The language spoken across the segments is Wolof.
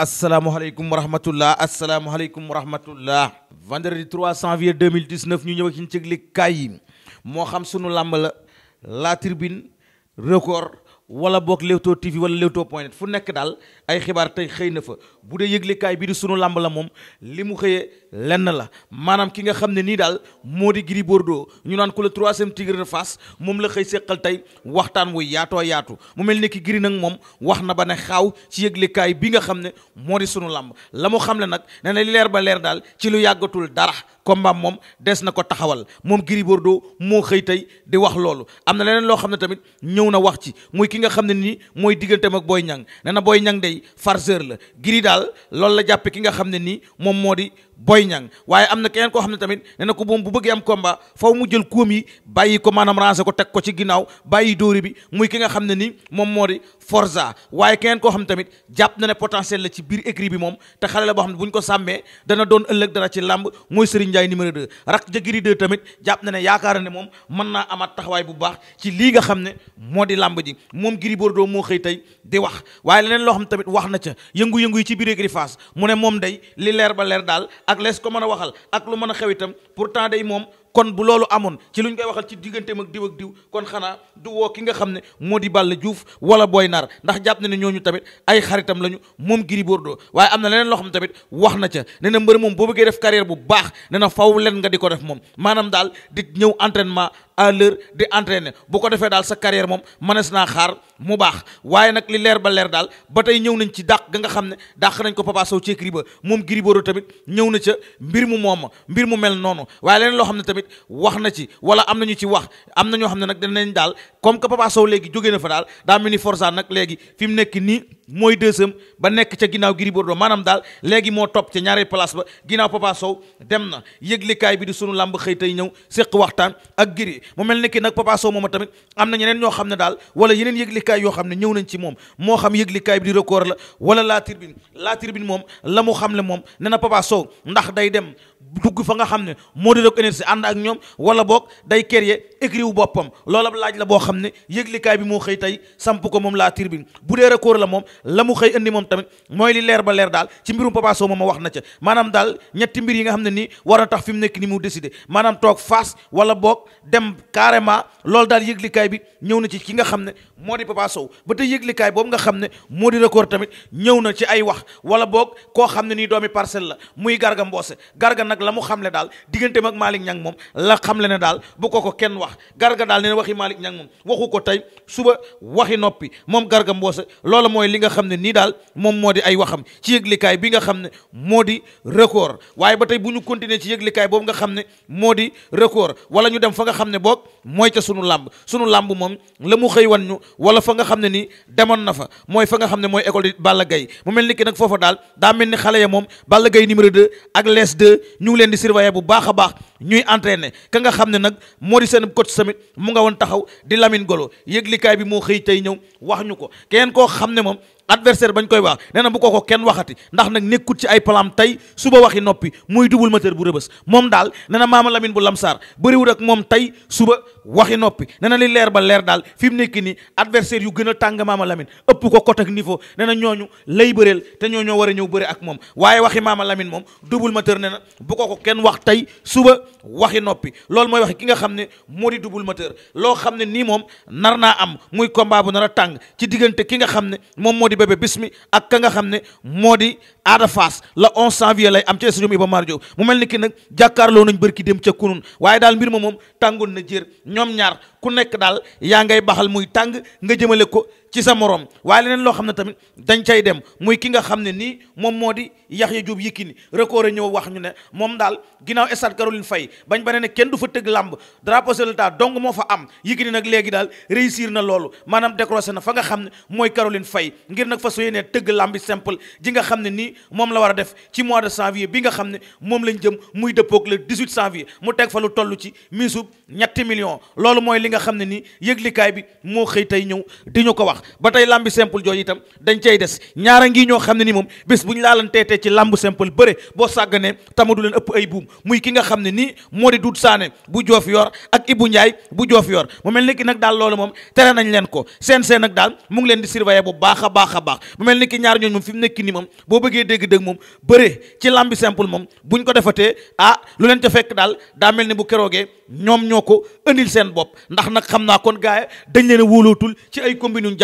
asalaamaaleykum wa rahmatullah asalaamaaleykum wa rahmatullah vendredi 3 janvier 2019 ñu ñëw ak ci yëgle kaay yi moo xam sunu làmb la la tribune record wala boog Leewtoo TV wala Leewtoo point net fu nekk daal ay xibaar tey xëy na fa bu dee yëglekaay bi di sunu làmb la moom li mu xëyee lenn la maanaam ki nga xam ne nii daal moo di Gris Bordeaux ñu naan ko le troisième tigre de fas moom la xëy seqal tey waxtaan wu yaatoo yaatu mu mel ni ki Gris nag moom wax na ba ne xaaw ci yëglekaay bi nga xam ne moo di sunu làmb la mu xam ne nag nee na leer ba leer daal ci lu yàggatul dara combat moom des na ko taxawal moom Gris Bordeaux moo xëy tey di wax loolu am na leneen loo xam ne tamit ñëw na wax ci muy ki nga xam ne nii mooy diggante mag booy Niang nee na Boy Niang day farceur la Gris daal loolu la jàppe ki nga xam ne nii moom moo di booy Niang waaye am na keneen koo xam ne tamit nee na ko moom bu bëggee am combat faw mu jël koom yi bàyyi ko maanaam ranger ko teg ko ci ginnaaw bàyyi dóori bi muy ki nga xam ne ni moom moo di forsa waaye keneen koo xam ne tamit jàpp na ne potentiel la ci biir écrit bi moom te xale la boo xam ne bu ko sàmmee dana doon ëllëg dara ci làmb mooy Serigne Ndiaye numéro 2 rak jëgiri 2 tamit jàpp na ne yaakaar ne moom mën naa amaat taxawaay bu baax ci lii nga xam ne moo di làmb ji moom Gris Bordeaux moo xëy tey di wax waaye leneen loo xam ne tamit wax na ca yëngu-yëngu yi ci biir écrit Fass mu ne moom day li leer ba daal ak lees ko mën a waxal ak lu mën a xew itam pour pourtant day moom kon bu loolu amoon ci lu ñu koy waxal ci digganteem ak diw ak diw kon xanaa du woo ki nga xam ne moo di Balla juuf wala booy Nar ndax jàpp na ne ñooñu tamit ay xaritam lañu moom Gris Bordeaux waaye am na leneen loo xam tamit wax na ca ne na mbër moom boo bëggee def carrière bu baax ne na faw leen nga di ko def moom maanaam daal di ñëw entraînement à l'heure di entraîner bu ko defee sa carrière moom mënees naa xaar mu baax waaye nag li leer ba leer daal ba tey ñëw nañ ci dàq ga nga xam ne dàq nañ ko Papa Sow ci écurie ba moom Gris Bordeaux tamit ñëw na ca mbir mu moom mbir mu mel noonu waaye leneen loo xam ne tamit wax na ci wala am na ñu ci wax am na ñoo xam ne nag danañ daal comme que Papa Sow léegi jóge na fa daal daa mel ni Forza nag léegi fi mu nekk nii mooy deuxième ba nekk ca ginnaaw Gris Bordeaux maanaam daal léegi moo topp ca ñaari place ba ginnaaw Papa Sow dem na yëglikaay bi di sunu làmb xëy tey ñëw séq waxtaan ak Gris mu mel ni ki nag Papa Sow moom tamit am na ñeneen ñoo xam ne daal wala yeneen yëglikaay yoo xam ne ñëw nañ ci moom moo xam yëglikaay bi di record la wala la tribune la tribune moom la mu xam ne moom ne na ndax day dugg fa nga xam ne moo di rek énergie ànd ak ñoom wala boog day créer écrit wu lool loola laaj la boo xam ne yëglikaay bi moo xëy tey samp ko moom laa tirbin bu dee record la moom la mu xëy indi moom tamit mooy li leer ba leer daal ci mbirum Papa moom a wax na ca maanaam daal ñetti mbir yi nga xam ne nii war na tax fi mu nekk ni mu décidé maanaam toog face wala boog dem carrément loolu daal yëglikaay bi ñëw na ci ki nga xam ne moo di Papa Sow ba tey yëglikaay boobu nga xam ne moo di record tamit ñëw na ci ay wax wala boog koo xam ne nii doomi parcelle la muy garga mboose garga nag la mu xamle daal digganteem ak Malick Niang moom la xamle ne daal bu ko kenn wax wax garga daal nee na waxi Malick Niang moom waxu ko tey suba waxi noppi moom garga mboosa loola mooy li nga xam ne nii daal moom moo di ay waxam ci yëglikaay bi nga xam ne moo di record waaye ba tey bu nu continuer ci yëglikaay boobu nga xam ne moo di record wala ñu dem fa nga xam ne boog mooy ca sunu làmb sunu làmb moom la mu xëy wan ñu wala fa nga xam ne nii demoon na fa mooy fa nga xam ne mooy école di Balla Gaye mu mel ni ki nag foofa daal daa mel ni xale ya moom Balla Gaye numéro 2 ak les 2 ñu leen di surveiller bu baax a baax ñuy entraîner xam nag coach tamit mu nga woon taxaw di Lamine Golo kaay bi moo xëy tey ñëw wax ñu ko keneen koo xam ne moom adversaire bañ koy wax nee na bu ko ko kenn waxati ndax nag nekkut ci ay palam tey suba waxi noppi muy double moteur bu rëbës moom daal nee na maama Lamine bu lamsaar bëriwul ak moom tey suba waxi noppi nee na li leer ba leer daal fi mu nekk nii adversaire yu gën a tàng maama Lamine ëpp ko kot ak niveau nee na ñooñu lay bëreel te ñoo war a ñëw bëri ak moom waaye waxi maama Lamine moom double moteur nee na bu ko ko kenn wax tey suba waxi noppi loolu mooy wax ki nga xam ne moo di double moteur loo xam ne nii moom nar naa am muy combat bu nar a tàng ci diggante ki nga xam ne moom moo di bébé bismi ak ka nga xam ne moo di Ada fas la on janvier lay am ci stadium Iba Mar Diop mu mel ni ki nag jàkkaarloo nañ bërki dem ca kunun waaye daal mbir ma moom tàngoon na jër ñoom ñaar ku nekk daal yaa ngay baxal muy tàng nga jëmale ko ci sa morom waaye leneen loo xam ne tamit dañ cay dem muy ki nga xam ne nii moom moo di Yaxya Jóob Yékini record a ñëw wax ñu ne moom daal ginnaaw stade Caroline Faye bañ ba ne kenn du fa tëgg làmb drapeau sur le tas dong moo fa am Yékini nag léegi daal réussir na loolu maanaam décroché na fa nga xam ne mooy Caroline Faye ngir nag fa soo yéenee tëgg làmbi simple ji nga xam ne nii moom la war a def ci mois de janvier bi nga xam ne moom lañ jëm muy dëppoog le 18 janvier mu teg fa lu toll ci misub ñetti millions loolu mooy li nga xam ne nii yëglikaay bi moo xëy tey ñëw di ko wax wax ba tey lambi simple jooju itam dañ cay des ñaara ngi ñoo xam ne ni moom bés bu ñu laalanteetee ci lamb simple bëre boo sàgganee tamadu leen ëpp ay buum muy ki nga xam ne nii moo di Doudou Sané bu joof yor ak Ibou Ndiaye bu joof yor mu mel ni ki nag daal loolu moom tere nañ leen ko seen seen nag daal mu ngi leen di surveiller bu baax a baax a mel ni ñaar ñooñu moom fi mu ni moom boo bëggee dégg-dégg moom bëre ci lambi simple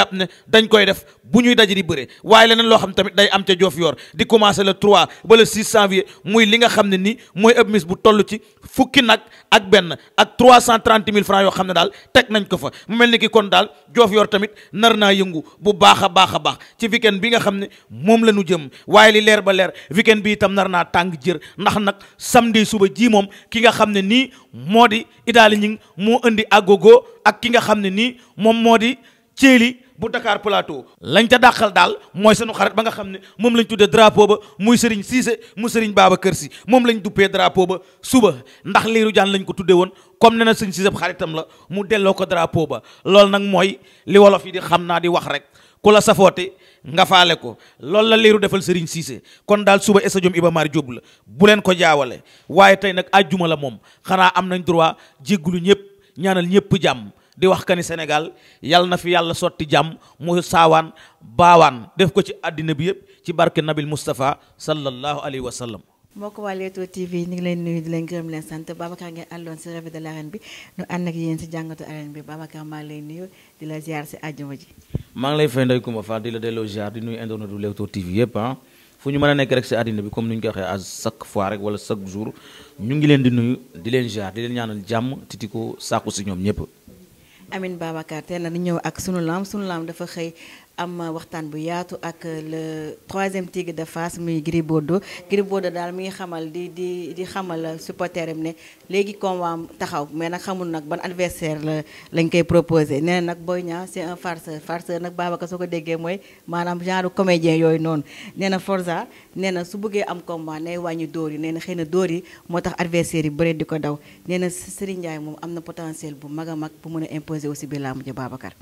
jàpp ne dañ koy def bu ñuy daje di bëre waaye leneen loo xam tamit day am ca joof yor di commencer le 3 ba le 6 janvier muy li nga xam ne nii mooy ëpp mis bu toll ci fukki nag ak benn ak trois 330 mille francs yoo xam ne daal teg nañ ko fa mu mel ni ki kon daal joof yor tamit nar naa yëngu bu baax a baax a baax ci weekend bi nga xam ne moom la ñu jëm waaye li leer ba leer weekend bi itam nar naa tàng jër ndax nag samedi suba jii moom ki nga xam ne nii moo di idaali ñing moo indi agogo ak ki nga xam ne nii moom moo di Thiély bu dakaar Plateau lañ ca dàqal daal mooy seenu xarit ba nga xam ne moom lañ tuddee drapeau ba muy Serigne Cissé mu Serigne kër si moom lañ duppee drapeau ba suba ndax liiru jaan lañ ko tuddee woon comme ne na Serigne Cissé xaritam la mu delloo ko drapeau ba loolu nag mooy li wolof yi di xam naa di wax rek ku la safoote nga faale ko loolu la liiru defal Serigne Cissé kon daal suba stadium Iba Mar Diop la bu leen ko jaawale waaye tey nag àjjuma la moom xanaa am nañ droit jéggulu ñëpp ñaanal ñëpp jàmm di wax kani senegal yal na fi yàlla sotti jàmm mu saawaan baawaan def ko ci àddina bi yëpp ci barke nabil Moustapha sallallahu alayhi wa sallam. mbokk waa Leewtoo TV ñu ngi leen nuyu di leen gërëm leen sant Babacar ngeen àlloon si maa ngi lay nuyu maa ngi lay fay di la delloo ziar di nuyu internet du Leewtoo ah. nekk rek si bi comme ni ñu ko waxee à chaque fois wala chaque jour ñu ngi leen di nuyu di leen ziar di leen ñaanal jàmm titi ko sàkku si ñoom ñëpp. Amin Babacar teel na ñëw ak sunu laam sunu laam dafa xëy am waxtaan bu yaatu ak le troisième tigre de Fass muy Gris Bordeaux Gris Bordeaux daal mi ngi xamal di di di xamal supporter am ne léegi combat taxaw mais nag xamul nag ban adversaire la lañ koy proposé nee nag Boy Niang c'est un farce farceur nag Babacar soo ko déggee mooy maanaam genre comédien yooyu noonu nee na Forza nee na su bëggee am combat nay wàññi dóor yi nee na xëy na dóor yi moo tax adversaire yi bëri di ko daw nee na Serigne Ndiaye moom am na potentiel bu mag a mag bu mën a aussi bi laa mujj Babacar.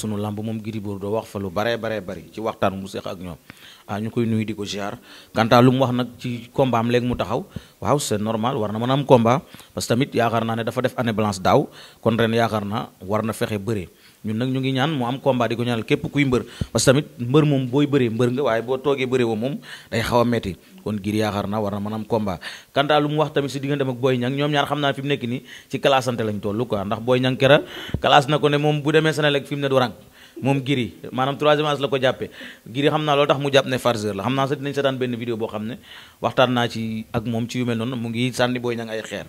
sunu làmb moom Gris Bordeaux wax fa lu baree baree bari ci waxtaan mu seex ak ñoom ah ñu koy nuyu di ko ziar kanta lu mu wax nag ci combat am léegi mu taxaw waaw c'est normal war na mën a am komba parce tamit yaakaar naa ne dafa def année blanche daaw kon ren yaakaar naa war na fexe bëree ñun nag ñu ngi ñaan mu am combat di ko ñaanal képp kuy mbër parce que tamit mbër moom booy bëree mbër nga waaye boo toogee bëree woo moom day xaw metti kon gir yaakaar na war na mën am combat kantaa lu mu wax tamit si diggante ak Boy Niang ñoom ñaar xam naa fi mu nekk nii ci classante lañ toll quoi ndax Boy Niang kera classe na ko ne moom bu demee Sénégal fi mu ne du rang moom giri maanaam troisième âge la ko jàppee giri xam naa loolu tax mu jàpp ne farceur la xam naa sax dinañ seetaan benn vidéo boo xam ne waxtaan naa ci ak moom ci yu mel noonu mu ngi sànni booy ña ngi ay xeer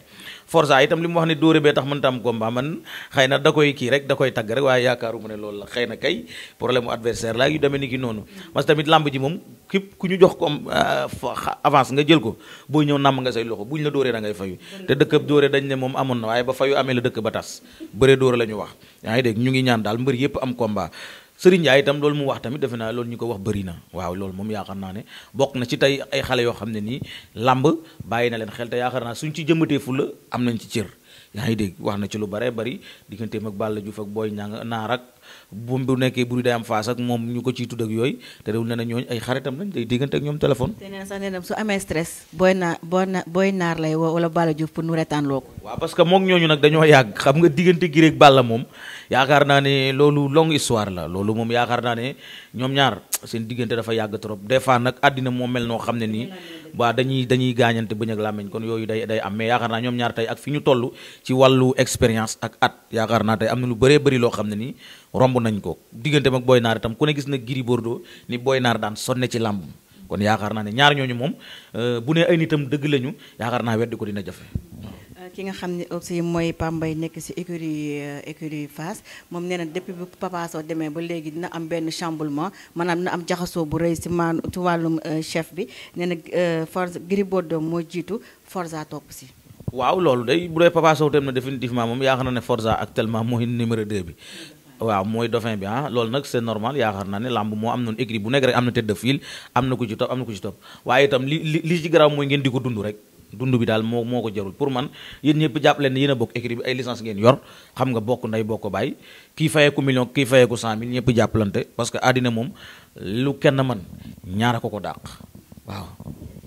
forsa itam li mu wax ne dóore bee tax mënta am combat man xëy na da rek da koy tagg rek waaye yaakaaru mu ne loolu la xëy na kay problème mu adversaire la yu demee ni ki noonu parce que tamit lamb ji moom képp ku ñu jox ko euh, avance nga jël ko booy ñëw nàmm nga say loxo buñ la dóoree da ngay fayu te dëkk dóore dañ ne moom amoon na waaye ba fayu amee la dëkk ba tas bëre la ñu wax ngi dégg ñu ngi ñaan daal mbër yépp am combat Serigne Ndiaye itam loolu mu wax tamit defe naa loolu ñu ko wax bari na waaw lool moom yaakaar naa ne bokk na ci tey ay xale yoo xam ne nii làmb bàyyi na leen xel te yaakaar naa suñ ci jëmbatee fula am nañ ci cër yaa ngi dégg wax na ci lu bare bari digganteem ak Balla Diouf ak Boy Niang naar ak bu bu nekkee buri day am faas ak moom ñu ko ciy tudd ak yooyu te réewul ne na ñooñu ay xaritam lañ day diggante ak ñoom téléphone te neen sax neenam su amee stress booy naa booy naar lay woo wala Balla Diouf pour nu retaan loo ko parce que moom ñooñu nag dañoo yàgg xam nga diggante gi rek Balla moom yaakaar naa ne loolu longue histoire la loolu moom yaakaar naa ne ñoom ñaar seen diggante dafa yàgg trop des fois nag àddina moo mel noo xam ne nii waaw dañuy dañuy gaañante bëñ ak làmmiñ kon yooyu day day am mais yaakaar naa ñoom ñaar tey ak fi ñu toll ci wàllu expérience ak at yaakaar naa tey am na lu bëree bëri loo xam ne nii romb nañ ko diggante mag Boy Naar itam ku ne gis na Gris Bordeaux ni Boy Naar daan sonne ci làmb kon yaakaar naa ne ñaar ñooñu moom euh, bu ne ay nitam dëgg lañu yaakaar naa weddi ko dina jafe. Euh, ki nga xam ne aussi mooy Pambay nekk ci écurie euh, écurie Fass moom nee na depuis bu Papa Sow demee ba léegi dina am benn chamboulement maanaam dina am jaxasoo bu rëy ci maan ci wàllum chef bi nee na Forza Gris Bordeaux moo jiitu Forza topp si waaw loolu de bu dee Papa Sow dem na moom yaakaar na ne Forza actuellement mooy numéro 2 bi. waaw mooy dauphin bi ah loolu nag c'est normal yaakaar naa ne làmb moo am noonu écrit bu nekk rek am na tête de file am na ko ci topp am na ko ci waaye itam li li li ci garaaw mooy ngeen di ko dund rek dund bi daal moo moo ko jarul pour man yéen ñëpp jàpp leen ne yéen a bokk écrit bi ay licence ngeen yor xam nga bokk nday bokk bàyyi kii fayeeku million kii fayeeku cent mille ñëpp jàppalante parce que àddina moom lu kenn man ñaara ko ko dàq waaw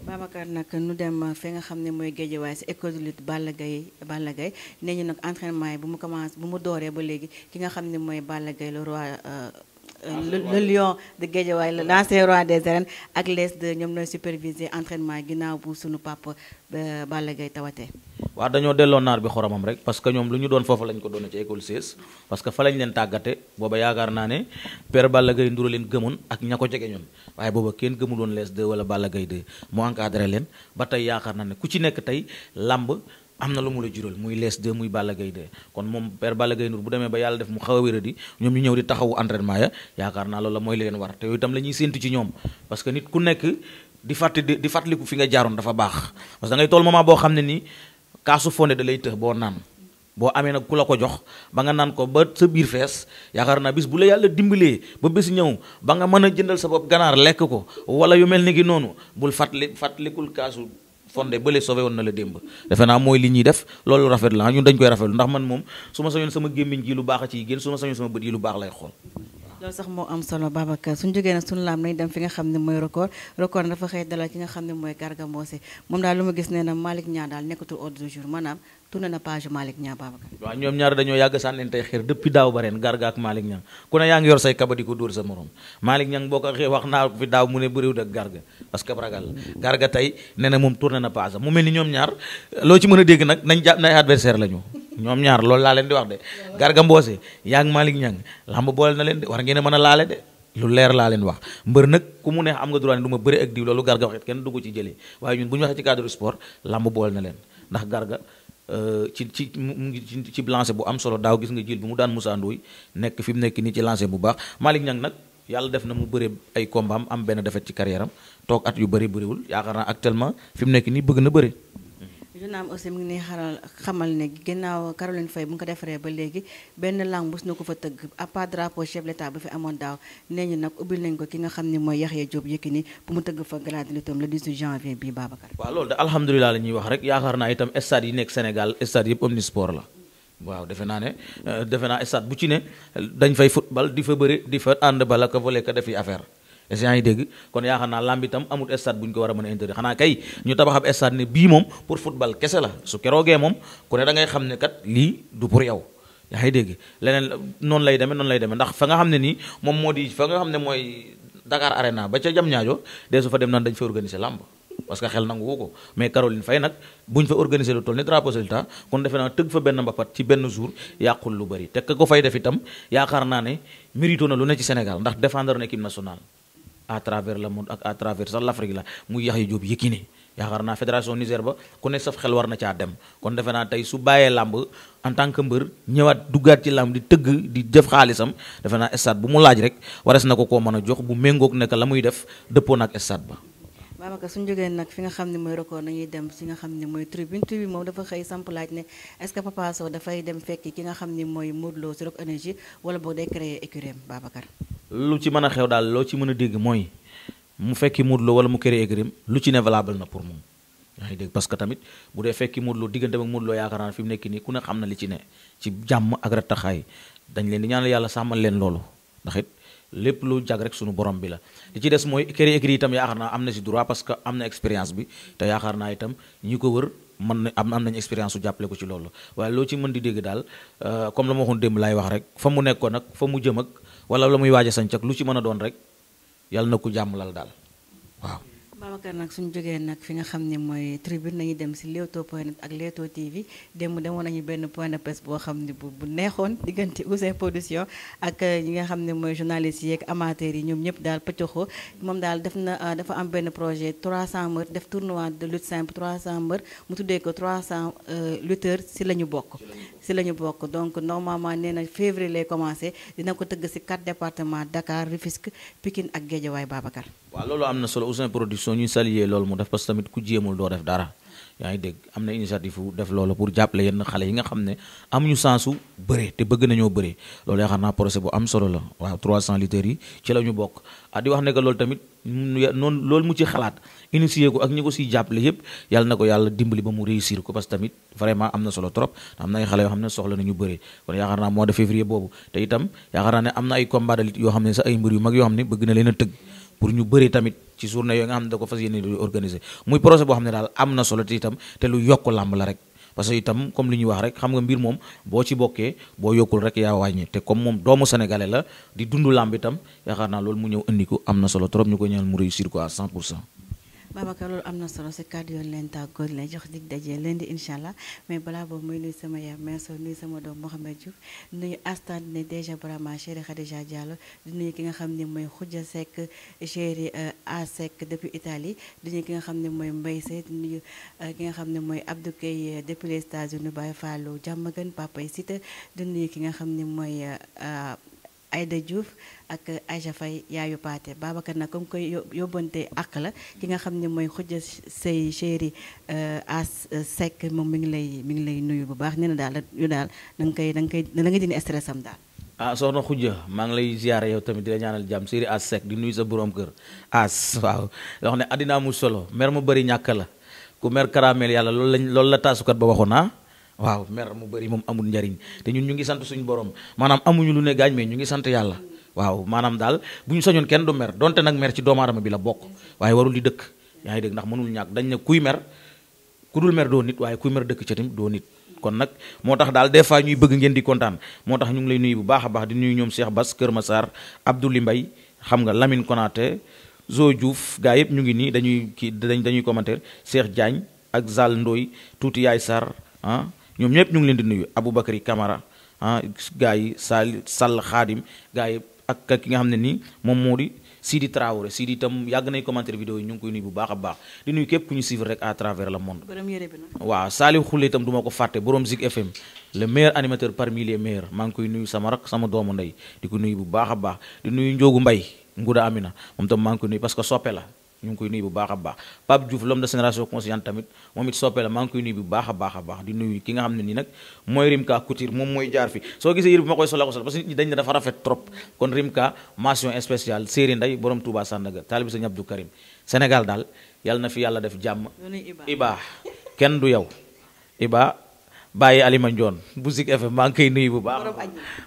Babacar nag nu dem fi nga xam ne mooy géejewaay si école de lutte Balla Gaye Balla Gaye nee ñu nag entraînement yi bu mu commencé bu mu dooree ba léegi ki nga xam ne mooy Balla Gaye le roi. Euh, Euh, le lion de Guédiawaye le l'ancien roi des arènes ak les de ñoom ñooy superviser entraînement ginnaaw bu sunu papa euh, Balla tawatee waaw dañoo delloo naar bi xoromam rek parce que ñoom lu ñu doon foofu lañ ko doon ci école CES parce que fa lañ leen tàggate booba yaakaar naa ne père Balla Gaye ndura leen gëmoon ak ña ko jege ñoon waaye booba kenn gëmuloon les deux wala Balla Gaye deux mu encadré leen ba tey yaakaar naa ne ku ci nekk tey lamb am na lu mu la jural muy lees 2 muy Balla Gaye 2 kon moom père Balla Gaye Ndour bu demee ba yàlla def mu xaw a wéradi ñoom ñu ñëw di taxawu entraînement ya yaakaar naa loolu la mooy leen war te yooyu itam la ñuy ci ñoom parce que nit ku nekk di fàtte di fàttaliku fi nga jaaroon dafa baax parce que da ngay toll moment boo xam ne nii kaasu fonde da lay boo naan boo amee nag ku la ko jox ba nga naan ko ba sa biir fees yaakaar naa bis bu la yàlla dimbalee a fonde bële sauvé woon na la démb defe naa mooy li ñuy def loolu rafet la ñun dañ koy rafetlu ndax man moom su ma sañoon sama gémmiñ gi lu baax a ciy génn su ma sañoon sama bët yi lu baax lay xool loolu sax moo am solo Babacar suñu jógee nag suñu laam nañ dem fi nga xam ne mooy record record dafa xëy dalal ki nga xam ne mooy Garga moom daal lu ma gis nee na Malick daal nekkatul ordre du jour maanaam tourné na page Malick Niang Babacar waaw ñoom ñaar dañoo yàgg sànnen tey xeer depuis daaw ba ren garga ak Malick Niang ku ne yaa ngi yor say kaba ko dóor sa morom Malick Niang boo ko waxee wax naa fi daaw mu ne bëriwul ak garga parce ragal garga tey ne na moom tourné na page mu mel ni ñoom ñaar loo ci mën a dégg nag nañ jàpp nay adversaire la ñu ñoom ñaar loolu laa leen di wax de garga mboose yaa ngi Malick Niang lamb boole na leen de war ngeen mën a laale de lu leer laa leen wax mbër nag ku mu neex am nga droit ne du ma bëri ak diw loolu garga waxit kenn Euh, ci ci ngi ci ci lancé bu am solo daaw gis nga jil bi mu daan Moussa nekk fi mu nekk nii ci lancé bu baax Malick Niang nag yàlla def na mu bëre ay combat am benn defet ci carrière am toog at yu bëri bëriwul yaakaar naa actuellement fi mu nekk nii bëgg na bëre. journal aussi mu ngi ne xaral xamal ne ginnaaw Caroline Faye bu nga ko defaree ba léegi benn langue mos na ko fa tëgg à part drapeau chef ba fi amoon daaw nee ñu nag ubbil nañ ko ki nga xam ne mooy Yaxya Diop Yékini bu mu tëgg fa grade lutam le 18 janvier bii Babacar waaw loolu de alhamdulilah la wax rek yaakaar naa itam stade yi nekk Sénégal stade yëpp omnisport la waaw defe naa ne euh, defe naa stade bu ci ne dañ fay football di fa bëri di fa ànd bala ko volet ko affaire est-ce ngi dégg kon yaakaar naa làmb itam amul stade bu ñu ko war a mën a interdire xanaa kay ñu tabax ab stade bii moom pour football kese la su keroogee moom ku ne da ngay xam ne kat lii du pour yow yaa ngi dégg leneen noonu lay demee noon lay deme ndax fa nga xam ne nii moom moo di fa nga xam ne mooy Dakar Arena ba ca jam ñaajo dee su fa dem naan dañ fa organiser làmb parce que xel nangu ko mais Caroline Faye nag bu ñu fa organiser lu toll ni drapeau résultat kon defe fa benn mbapat ci benn jour yàqul lu bëri te ka fay def itam yaakaar naa ne mérito na lu ne ci Sénégal ndax défendre na équipe nationale à travers le monde ak à travers sax l'Afrique la muy Yaxya Jóob Yékini yaakaar naa fédération Niger ba ku ne saf xel war na caa dem kon defe naa tey su bàyyee làmb en tant que mbër ñëwaat duggaat ci làmb di tëgg di jëf xaalisam defe naa stade bu mu laaj rek wares na ko koo mën a jox bu méngoog nekk la muy def dëppoon ak stade ba. Babacar suñu jógee nag fi nga xam ne mooy record nañuy dem si nga xam ne mooy tribune tribune moom dafa xëy samp laaj ne est-ce que Papa Sow dem fekk ki nga xam ne mooy Modou Lo si Rock Énergie wala boog day créer écurie lu ci mën a xew daal loo ci mën a dégg mooy mu fekki Modou Lo wala mu créé écurie lu ci ne valable na pour moom yaa ngi dégg parce que tamit bu dee fekki Modou Lo diggante ak Modou Lo mu nekk nii ku ne xam na li ci ne jàmm ak rattaxaay dañ leen di ñaanal yàlla sàmmal leen loolu ndax lépp lu jag rek sunu borom bi la li ci des mooy créé écurie itam yaakaar naa am na si droit parce que am na expérience bi te yaakaar naa itam ñi ko wër mën na am am nañu expérience jàppale ko ci loolu waaye loo ci mën di dégg daal euh, comme la ma laay wax rek fa mu nekkoon nag fa mu jëm ak wala la muy waaj a sañc lu ci mën a doon rek yàlla na ku jàmm lal daal waaw. Babacar nag suñu jógee nag fi nga xam ne mooy tribune nañu dem si Leewtoo point net ak Leewtoo TV dem demoon nañu benn point de presse boo xam ne bu bu neexoon diggante Ouzin Production ak euh, ñi nga xam ne mooy journaliste yeeg amateurs yi ñoom ñëpp daal pëccoxoo moom daal def na euh, dafa am benn projet 300 mbër def tournoi de lutte simple 300 mbër mu tuddee ko 300 euh, lutteurs si la ñu bokk. si la ñu bokk donc normalement nee na février lay commencé dina ko tëgg si quatre départements Dakar Rufisque Pikine ak Guédiawaye Babacar. waaw loolu am na solo Ouzin Production ñu saluer loolu mu def parce que tamit ku jéemul doo def dara. yaa ngi dégg am na initiative wu def loolu pour jàppale yenn xale yi nga xam ne amuñu sensu bëree te bëgg nañoo bëree loolu yaakaar naa projet bu am solo la waaw 300 litres yi ci la ñu bokk ah wax ne que loolu tamit noonu loolu mu ci xalaat initier ko ak ñi ko siy jàppale yépp yàlla na ko yàlla dimbali ba mu réussir ko parce que tamit vraiment am na solo trop am na ay xale yoo xam ne soxla nañu bëree kon yaakaar naa mois de février boobu te itam yaakaar naa ne am yoo xam ne sax ay mbir yu mag yoo xam ne bëgg na leen a tëgg pour ñu bëri tamit ci journée yooyu nga xam ne da ko fas yéene di muy projet boo xam ne daal am na solo te itam te lu yokk làmb la rek parce que itam comme lu ñuy wax rek xam nga mbir moom boo ci bokkee boo yokkul rek yaa wàññi te comme moom doomu sénégalais la di dund làmb itam yaakaar naa loolu mu ñëw indi ko am na solo trop ñu ko ñaan mu réussir ko à 100 pour cent Babacar loolu am na solo si kàddu yoon leen tàggoo lay jox dig daje leen di incha allah mais balaa boobu muy nuyu sama yaay merci nuyu sama doom Mouhamed Diouf nuyu Astan ne déjà Brahma chéri Khadija Diallo di nuyu ki nga xam ne mooy Khoudia Seck chéri euh, A Seck depuis itali di ki nga xam ne mooy mbay seet di euh, ki nga xam ne mooy Abdou Gueye euh, depuis les États-Unis Baye Fallou Diamaguène Papa Sita di ki nga xam ni mooy. Aïda Diouf ak Aïcha Faye yaayu paate baabakat nag comme koy yóbbante ak la ki nga xam ne mooy xujja say chéri euh, as euh, Seck moom mu ngi lay mi ngi lay nuyu bu baax nee na daal yu daal da nga koy da koy da nga dindi stress am daal ah soxna xujja maa ngi lay ziyaare yow tamit di la ñaanal jàmm chéri as Seck di nuyu sa borom kër as waaw wax ne addinaa mu solo mer mu bëri ñàkk la ku mer karamel yàlla lool lañ loolu la taasukat ba waxoon ah waaw mer mu bëri moom amul njariñ te ñun ñu ngi sant suñu borom maanaam amuñu lu ne gaañ mais ñu ngi sant yàlla waaw maanaam daal bu ñu sañoon kenn du mer donte nag mer ci doomu bi la bokk waaye warul di dëkk yaa ngi dégg ndax mënul ñàkk dañ ne kuy mer ku dul mer doo nit waaye kuy mer dëkk ca tamit doo nit kon nag moo tax daal des fois ñuy bëgg ngeen di kontaan moo tax ñu ngi lay nuyu bu baax a baax di nuyu ñoom Cheikh Bass Kër Massar Abdoulaye mbay xam nga Lamine Konaté Zo Diouf gaa yëpp ñu ngi nii dañuy kii dañuy commentaire Cheikh Diagne ak Zal Ndoy tuuti Yaay Sarr ah. ñoom ñëpp ñu ngi leen di nuyu abu Aboubacry Camara ah gars yi Sall Sall Xaadim gars yi ak ki nga xam ne nii moom moo di Sidi Traoré Sidi itam yàgg nay commentaire vidéo yi ñu ngi koy nuyu bu baax a baax di nuyu képp ku ñu suivre rek à travers le monde. borom yére bi nag waaw Saliou itam du ko fàtte borom Zik FM le meilleur animateur parmi les meilleurs maa ngi koy nuyu sama rak sama doomu ndey di ko nuyu bu baax a baax di nuyu Ndiogu Mbaye Ngouda Amina moom tam maa ngi parce que soppe la. ñu ngi koy nuyu bu baax a baax Pape Diouf l'homme de génération consciente tamit moom it soppee la maa ngi koy nuyu bu baax a baax a baax di nuyu ki nga xam ne nii nag mooy Rimka Couture moom mooy jaar fi soo gisee yére bi ma koy solako sol parce que nit ñi dañ ne dafa rafet trop kon Rimka mention spéciale Séeri Nday borom Touba Sandaga taalibi Sëñ Abdou Karim Sénégal daal yàlla na fi yàlla def jàmm Iba kenn du yow Iba bàyyi Alima Ndione bu Zik FM maa ngi koy nuyu bu baax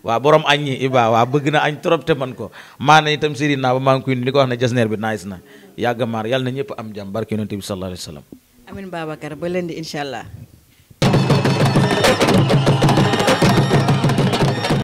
waaw borom añ ñi Iba waa bëgg na añ trop te man ko maa na itam Serigne naa ba maa ngi koy nuyu li ko wax ne jasneer bi nice na yàgg maar yàlla na ñëpp am jàmm barke yonent bi sallallahu alayhi wa sallam allah